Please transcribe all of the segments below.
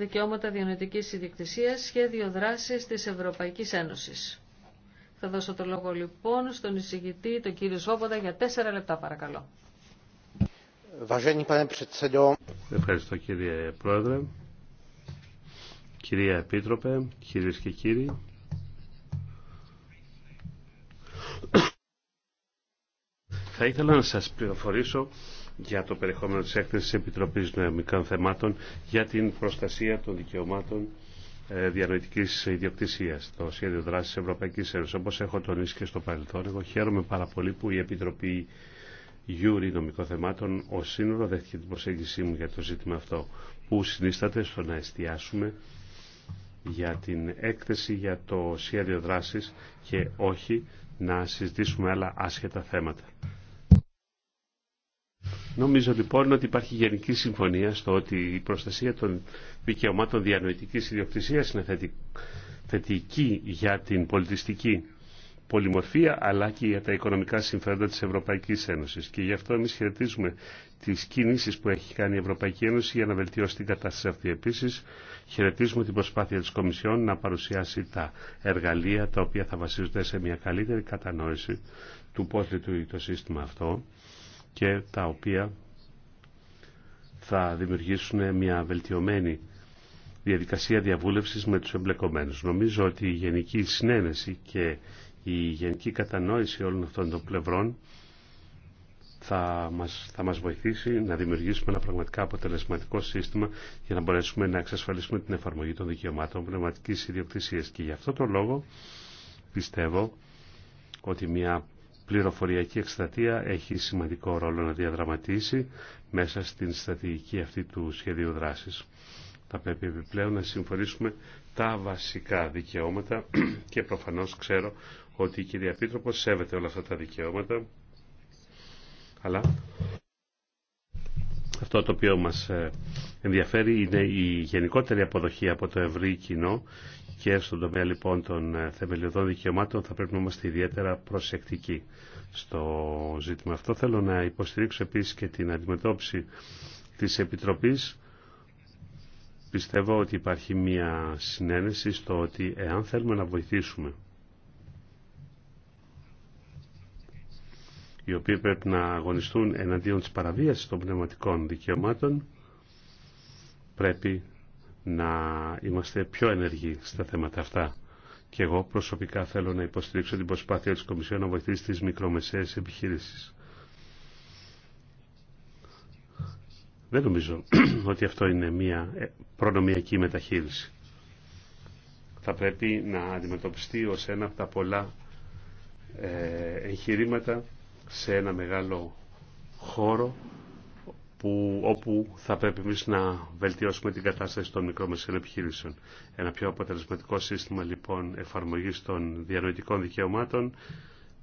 δικαιώματα διανοητικής ιδιοκτησίας, σχέδιο δράσης της Ευρωπαϊκής Ένωσης. Θα δώσω το λόγο λοιπόν στον εισηγητή, τον κύριο Σόποδα, για τέσσερα λεπτά παρακαλώ. Ευχαριστώ κύριε Πρόεδρε, κυρία Επίτροπε, κυρίες και κύριοι. Θα ήθελα να σας πληροφορήσω για το περιεχόμενο της έκθεσης Επιτροπής Νοεμικών Θεμάτων για την προστασία των δικαιωμάτων ε, διανοητική ιδιοκτησία, το σχέδιο δράσης Ευρωπαϊκή Ένωση, όπω έχω τονίσει και στο παρελθόν, εγώ χαίρομαι πάρα πολύ που η Επιτροπή Γιούρι Νομικών Θεμάτων ω σύνολο δέχτηκε την προσέγγιση μου για το ζήτημα αυτό, που συνίσταται στο να εστιάσουμε για την έκθεση για το σχέδιο δράση και όχι να συζητήσουμε άλλα άσχετα θέματα. Νομίζω λοιπόν ότι υπάρχει γενική συμφωνία στο ότι η προστασία των δικαιωμάτων διανοητικής ιδιοκτησίας είναι θετική για την πολιτιστική πολυμορφία αλλά και για τα οικονομικά συμφέροντα της Ευρωπαϊκής Ένωσης. Και γι' αυτό εμείς χαιρετίζουμε τις κινήσεις που έχει κάνει η Ευρωπαϊκή Ένωση για να βελτιώσει την κατάσταση αυτή. Επίσης χαιρετίζουμε την προσπάθεια της Κομισιόν να παρουσιάσει τα εργαλεία τα οποία θα βασίζονται σε μια καλύτερη κατανόηση του πώς λειτουργεί το σύστημα αυτό και τα οποία θα δημιουργήσουν μια βελτιωμένη διαδικασία διαβούλευσης με τους εμπλεκομένους. Νομίζω ότι η γενική συνένεση και η γενική κατανόηση όλων αυτών των πλευρών θα μας, θα μας βοηθήσει να δημιουργήσουμε ένα πραγματικά αποτελεσματικό σύστημα για να μπορέσουμε να εξασφαλίσουμε την εφαρμογή των δικαιωμάτων πνευματικής ιδιοκτησίας. Και γι' αυτό το λόγο πιστεύω ότι μια η πληροφοριακή εκστρατεία έχει σημαντικό ρόλο να διαδραματίσει μέσα στην στατική αυτή του σχεδίου δράσης. Θα πρέπει επιπλέον να συμφωνήσουμε τα βασικά δικαιώματα και προφανώς ξέρω ότι η κυρία Πίτροπος σέβεται όλα αυτά τα δικαιώματα αλλά αυτό το οποίο μας ε, ενδιαφέρει είναι η γενικότερη αποδοχή από το ευρύ κοινό και στον τομέα λοιπόν των ε, θεμελιωδών δικαιωμάτων θα πρέπει να είμαστε ιδιαίτερα προσεκτικοί στο ζήτημα αυτό. Θέλω να υποστηρίξω επίσης και την αντιμετώπιση της Επιτροπής. Πιστεύω ότι υπάρχει μια συνένεση στο ότι εάν θέλουμε να βοηθήσουμε οι οποίοι πρέπει να αγωνιστούν εναντίον της παραβίασης των πνευματικών δικαιωμάτων πρέπει να είμαστε πιο ενεργοί στα θέματα αυτά. Και εγώ προσωπικά θέλω να υποστηρίξω την προσπάθεια της Κομισιόν να βοηθήσει τις μικρομεσαίες επιχειρήσεις. Δεν νομίζω ότι αυτό είναι μια ε, προνομιακή μεταχείριση. Θα πρέπει να αντιμετωπιστεί ως ένα από τα πολλά ε, εγχειρήματα σε ένα μεγάλο χώρο που, όπου θα πρέπει εμεί να βελτιώσουμε την κατάσταση των μικρομεσαίων επιχειρήσεων. Ένα πιο αποτελεσματικό σύστημα λοιπόν εφαρμογής των διανοητικών δικαιωμάτων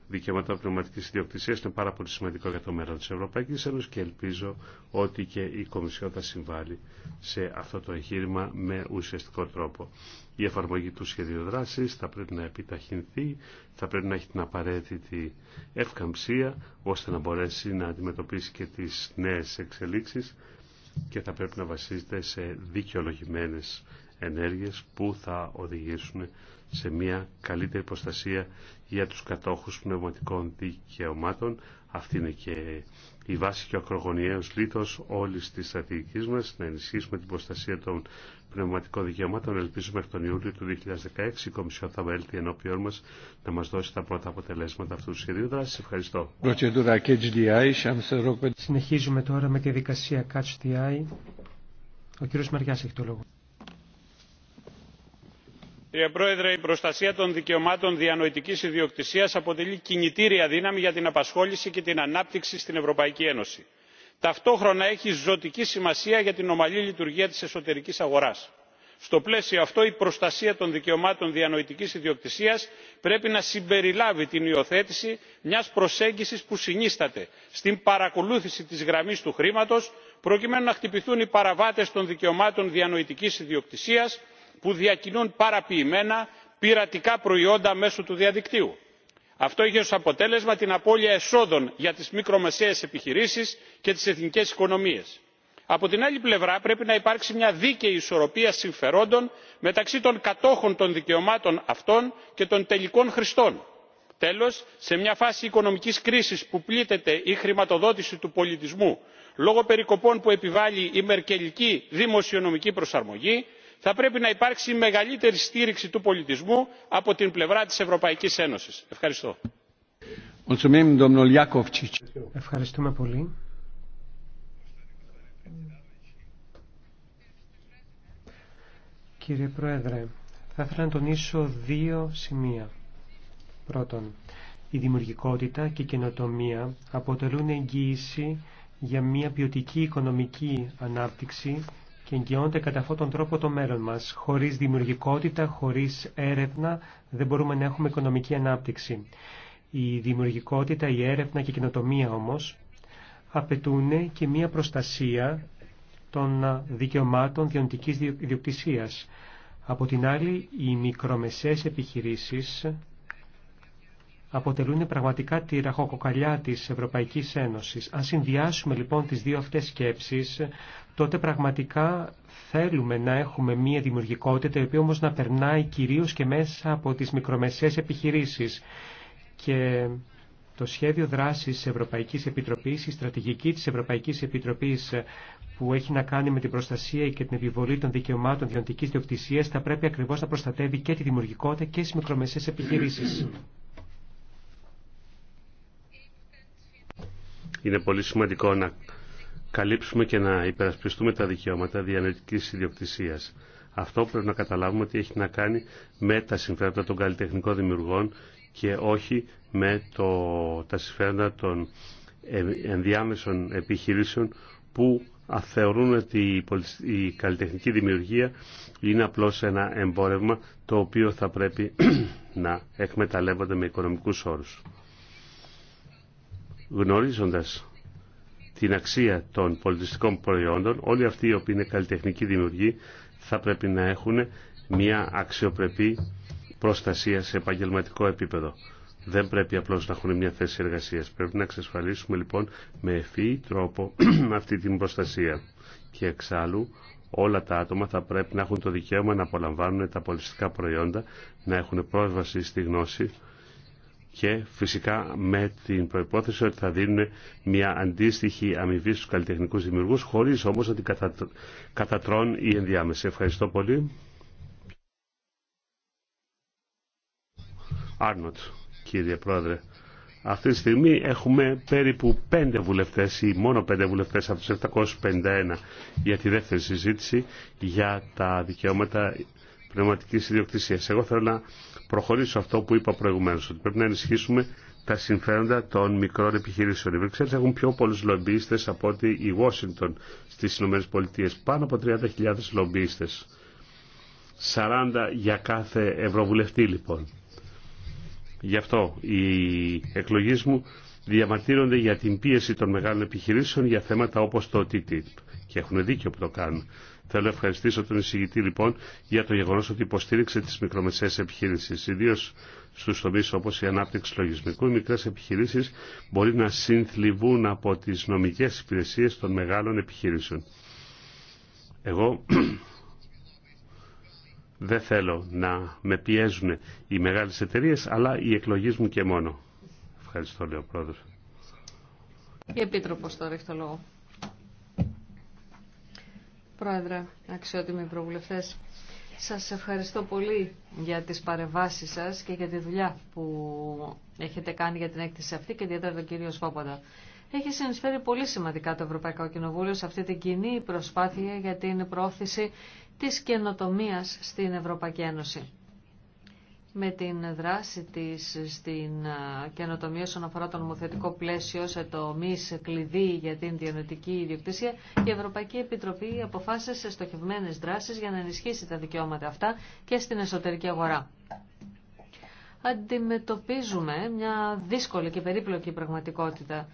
Δικαιώματα πνευματική ιδιοκτησία είναι πάρα πολύ σημαντικό για το μέλλον τη Ευρωπαϊκή Ένωση και ελπίζω ότι και η Κομισιόν θα συμβάλλει σε αυτό το εγχείρημα με ουσιαστικό τρόπο. Η εφαρμογή του σχεδίου δράση θα πρέπει να επιταχυνθεί, θα πρέπει να έχει την απαραίτητη ευκαμψία ώστε να μπορέσει να αντιμετωπίσει και τι νέε εξελίξει και θα πρέπει να βασίζεται σε δικαιολογημένες ενέργειες που θα οδηγήσουν σε μια καλύτερη προστασία για τους κατόχους πνευματικών δικαιωμάτων. Αυτή είναι και η βάση και ο ακρογωνιαίος λίθος όλης της στρατηγικής μας, να ενισχύσουμε την προστασία των πνευματικών δικαιωμάτων. Ελπίζουμε από τον Ιούλιο του 2016 η Κομισιόν θα βέλθει ενώπιόν μας να μας δώσει τα πρώτα αποτελέσματα αυτού του σχεδίου δράσης. Ευχαριστώ. Συνεχίζουμε τώρα με τη δικασία Catch the Eye. Ο κύριος Μαριάς έχει το λόγο. Κύριε Πρόεδρε, η προστασία των δικαιωμάτων διανοητικής ιδιοκτησίας αποτελεί κινητήρια δύναμη για την απασχόληση και την ανάπτυξη στην Ευρωπαϊκή Ένωση. Ταυτόχρονα έχει ζωτική σημασία για την ομαλή λειτουργία της εσωτερικής αγοράς. Στο πλαίσιο αυτό η προστασία των δικαιωμάτων διανοητικής ιδιοκτησίας πρέπει να συμπεριλάβει την υιοθέτηση μιας προσέγγισης που συνίσταται στην παρακολούθηση της γραμμής του χρήματος προκειμένου να χτυπηθούν οι παραβάτες των δικαιωμάτων διανοητικής ιδιοκτησίας που διακινούν παραποιημένα πειρατικά προϊόντα μέσω του διαδικτύου. αυτό είχε ως αποτέλεσμα την απώλεια εσόδων για τις μικρομεσαίες επιχειρήσεις και τις εθνικές οικονομίες. από την άλλη πλευρά πρέπει να υπάρξει μια δίκαιη ισορροπία συμφερόντων μεταξύ των κατόχων των δικαιωμάτων αυτών και των τελικών χρηστών. τέλος σε μια φάση οικονομικής κρίσης που πλήττεται η χρηματοδότηση του πολιτισμού λόγω περικοπών που επιβάλλει η μερκελική δημοσιονομική προσαρμογή θα πρέπει να υπάρξει μεγαλύτερη στήριξη του πολιτισμού από την πλευρά της ευρωπαϊκής ένωσης. ευχαριστώ. Ευχαριστούμε πολύ. Κύριε Πρόεδρε, θα ήθελα να τονίσω δύο σημεία. Πρώτον, η δημιουργικότητα και η καινοτομία αποτελούν εγγύηση για μια ποιοτική οικονομική ανάπτυξη και εγγυώνται κατά αυτόν τον τρόπο το μέλλον μας. Χωρίς δημιουργικότητα, χωρίς έρευνα δεν μπορούμε να έχουμε οικονομική ανάπτυξη. Η δημιουργικότητα, η έρευνα και η κοινοτομία όμως απαιτούν και μία προστασία των δικαιωμάτων διονυτικής ιδιοκτησίας. Από την άλλη, οι μικρομεσαίες επιχειρήσεις αποτελούν πραγματικά τη ραχοκοκαλιά της Ευρωπαϊκής Ένωσης. Αν συνδυάσουμε λοιπόν τις δύο αυτές σκέψεις, τότε πραγματικά θέλουμε να έχουμε μία δημιουργικότητα, η οποία όμως να περνάει κυρίως και μέσα από τις μικρομεσαίες επιχειρήσεις. Και το σχέδιο δράσης Ευρωπαϊκής Επιτροπής, η στρατηγική της Ευρωπαϊκής Επιτροπής που έχει να κάνει με την προστασία και την επιβολή των δικαιωμάτων διοντικής διοκτησίας θα πρέπει ακριβώς να προστατεύει και τη δημιουργικότητα και τις μικρομεσαίες επιχειρήσεις. Είναι πολύ σημαντικό να καλύψουμε και να υπερασπιστούμε τα δικαιώματα διανοητικής ιδιοκτησία. Αυτό πρέπει να καταλάβουμε ότι έχει να κάνει με τα συμφέροντα των καλλιτεχνικών δημιουργών και όχι με το, τα συμφέροντα των ε, ενδιάμεσων επιχειρήσεων που θεωρούν ότι η καλλιτεχνική δημιουργία είναι απλώς ένα εμπόρευμα το οποίο θα πρέπει να εκμεταλλεύονται με οικονομικούς όρους γνωρίζοντας την αξία των πολιτιστικών προϊόντων, όλοι αυτοί οι οποίοι είναι καλλιτεχνικοί δημιουργοί θα πρέπει να έχουν μια αξιοπρεπή προστασία σε επαγγελματικό επίπεδο. Δεν πρέπει απλώς να έχουν μια θέση εργασίας. Πρέπει να εξασφαλίσουμε λοιπόν με ευφύ τρόπο αυτή την προστασία. Και εξάλλου όλα τα άτομα θα πρέπει να έχουν το δικαίωμα να απολαμβάνουν τα πολιτιστικά προϊόντα, να έχουν πρόσβαση στη γνώση και φυσικά με την προϋπόθεση ότι θα δίνουν μια αντίστοιχη αμοιβή στους καλλιτεχνικούς δημιουργούς χωρίς όμως να την κατατρών η ενδιάμεση. Ευχαριστώ πολύ. Άρνοτ, κύριε Πρόεδρε. Αυτή τη στιγμή έχουμε περίπου πέντε βουλευτές ή μόνο πέντε βουλευτές από τους 751 για τη δεύτερη συζήτηση για τα δικαιώματα πνευματικής ιδιοκτησίας. Εγώ θέλω να προχωρήσω αυτό που είπα προηγουμένως, ότι πρέπει να ενισχύσουμε τα συμφέροντα των μικρών επιχειρήσεων. Οι Βρυξέλλε έχουν πιο πολλούς λομπίστε από ότι η Washington στις ΗΠΑ. Πάνω από 30.000 λομπίστε. 40 για κάθε ευρωβουλευτή λοιπόν. Γι' αυτό οι εκλογέ μου διαμαρτύρονται για την πίεση των μεγάλων επιχειρήσεων για θέματα όπως το TTIP. Και έχουν δίκιο που το κάνουν. Θέλω να ευχαριστήσω τον εισηγητή λοιπόν για το γεγονό ότι υποστήριξε τι μικρομεσαίε επιχειρήσει, ιδίω στου τομεί όπω η ανάπτυξη λογισμικού. Οι μικρέ επιχειρήσει μπορεί να συνθλιβούν από τι νομικέ υπηρεσίε των μεγάλων επιχειρήσεων. Εγώ δεν θέλω να με πιέζουν οι μεγάλε εταιρείε, αλλά οι εκλογή μου και μόνο. Ευχαριστώ, λέω Η Επίτροπος τώρα έχει το λόγο. Πρόεδρε, αξιότιμοι προβουλευτέ, σας ευχαριστώ πολύ για τις παρεμβάσεις σας και για τη δουλειά που έχετε κάνει για την έκθεση αυτή και ιδιαίτερα τον κύριο Σφόποντα. Έχει συνεισφέρει πολύ σημαντικά το Ευρωπαϊκό Κοινοβούλιο σε αυτή την κοινή προσπάθεια για την πρόθεση της καινοτομίας στην Ευρωπαϊκή Ένωση με την δράση της στην καινοτομία όσον αφορά το νομοθετικό πλαίσιο σε το τομεί κλειδί για την διανοητική ιδιοκτησία, η Ευρωπαϊκή Επιτροπή αποφάσισε στοχευμένε δράσεις για να ενισχύσει τα δικαιώματα αυτά και στην εσωτερική αγορά. Αντιμετωπίζουμε μια δύσκολη και περίπλοκη πραγματικότητα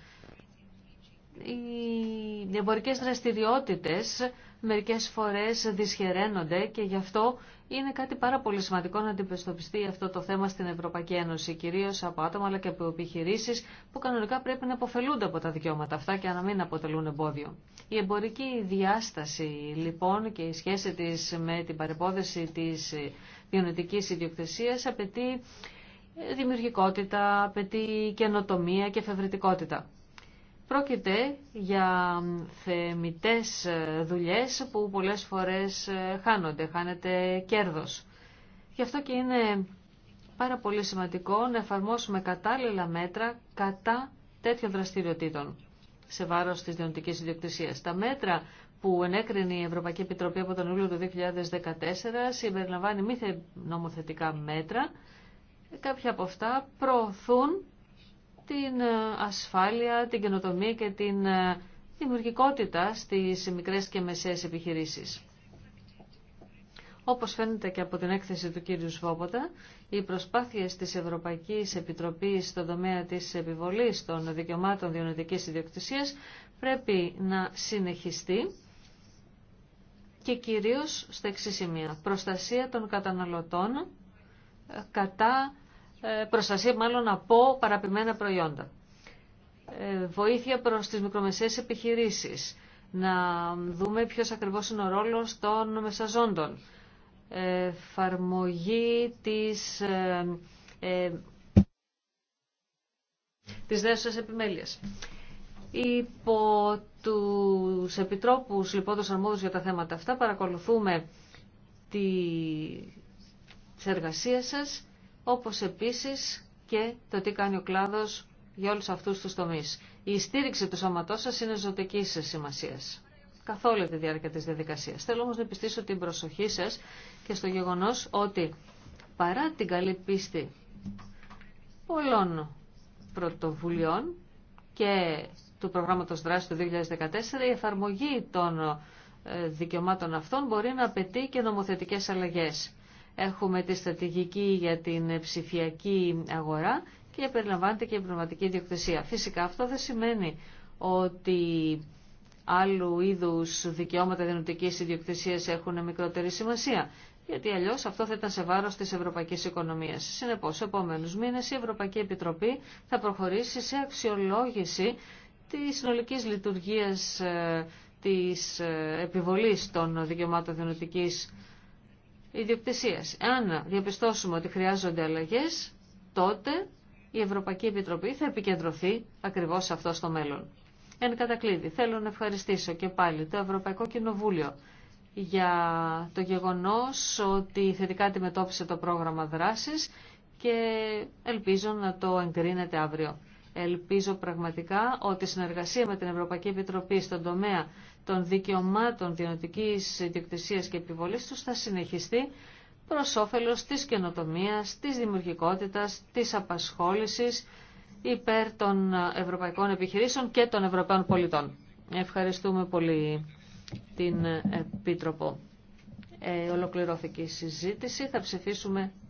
οι εμπορικές δραστηριότητες μερικές φορές δυσχεραίνονται και γι' αυτό είναι κάτι πάρα πολύ σημαντικό να αντιμετωπιστεί αυτό το θέμα στην Ευρωπαϊκή Ένωση, κυρίως από άτομα αλλά και από επιχειρήσεις που κανονικά πρέπει να αποφελούνται από τα δικαιώματα αυτά και να μην αποτελούν εμπόδιο. Η εμπορική διάσταση λοιπόν και η σχέση της με την παρεπόδεση της διονυτικής ιδιοκτησίας απαιτεί δημιουργικότητα, απαιτεί καινοτομία και εφευρετικότητα. Πρόκειται για θεμητές δουλειές που πολλές φορές χάνονται, χάνεται κέρδος. Γι' αυτό και είναι πάρα πολύ σημαντικό να εφαρμόσουμε κατάλληλα μέτρα κατά τέτοιων δραστηριοτήτων σε βάρος της διοντικής ιδιοκτησίας. Τα μέτρα που ενέκρινε η Ευρωπαϊκή Επιτροπή από τον Ιούλιο του 2014 συμπεριλαμβάνει μη νομοθετικά μέτρα. Κάποια από αυτά προωθούν την ε, ασφάλεια, την καινοτομία και την ε, δημιουργικότητα στις μικρές και μεσαίες επιχειρήσεις. Όπως φαίνεται και από την έκθεση του κύριου Σβόποτα, οι προσπάθειες της Ευρωπαϊκής Επιτροπής στον τομέα της επιβολής των δικαιωμάτων διονοητικής ιδιοκτησίας πρέπει να συνεχιστεί και κυρίως στα εξή σημεία. Προστασία των καταναλωτών ε, κατά ε, προστασία μάλλον από παραπημένα προϊόντα. Ε, βοήθεια προς τις μικρομεσαίες επιχειρήσεις. Να δούμε ποιος ακριβώς είναι ο ρόλος των μεσαζόντων. Ε, εφαρμογή της, ε, της επιμέλειας. Υπό τους επιτρόπους λοιπόν τους αρμόδους για τα θέματα αυτά παρακολουθούμε τη... τις εργασίες σας όπως επίσης και το τι κάνει ο κλάδος για όλους αυτούς τους τομείς. Η στήριξη του σώματός σας είναι ζωτική σημασία καθ' όλη τη διάρκεια της διαδικασίας. Θέλω όμως να πιστήσω την προσοχή σας και στο γεγονός ότι παρά την καλή πίστη πολλών πρωτοβουλειών και του προγράμματος δράσης του 2014 η εφαρμογή των ε, δικαιωμάτων αυτών μπορεί να απαιτεί και νομοθετικές αλλαγές. Έχουμε τη στρατηγική για την ψηφιακή αγορά και περιλαμβάνεται και η πνευματική ιδιοκτησία. Φυσικά αυτό δεν σημαίνει ότι άλλου είδους δικαιώματα δυνατικής ιδιοκτησίας έχουν μικρότερη σημασία γιατί αλλιώς αυτό θα ήταν σε βάρος τη ευρωπαϊκή οικονομίας. Συνεπώς, σε επόμενους μήνε η Ευρωπαϊκή Επιτροπή θα προχωρήσει σε αξιολόγηση της συνολική λειτουργίας ε, της ε, επιβολής των δικαιωμάτων δυνατική ιδιοκτησία. Αν διαπιστώσουμε ότι χρειάζονται αλλαγές, τότε η Ευρωπαϊκή Επιτροπή θα επικεντρωθεί ακριβώς σε αυτό στο μέλλον. Εν κατακλείδη, θέλω να ευχαριστήσω και πάλι το Ευρωπαϊκό Κοινοβούλιο για το γεγονός ότι θετικά αντιμετώπισε το πρόγραμμα δράσης και ελπίζω να το εγκρίνετε αύριο. Ελπίζω πραγματικά ότι η συνεργασία με την Ευρωπαϊκή Επιτροπή στον τομέα των δικαιωμάτων κοινωτικής ιδιοκτησία και επιβολής τους θα συνεχιστεί προς όφελος της καινοτομίας, της δημιουργικότητας, της απασχόλησης υπέρ των ευρωπαϊκών επιχειρήσεων και των ευρωπαίων πολιτών. Ευχαριστούμε πολύ την Επίτροπο. Ε, ολοκληρώθηκε η συζήτηση. Θα ψηφίσουμε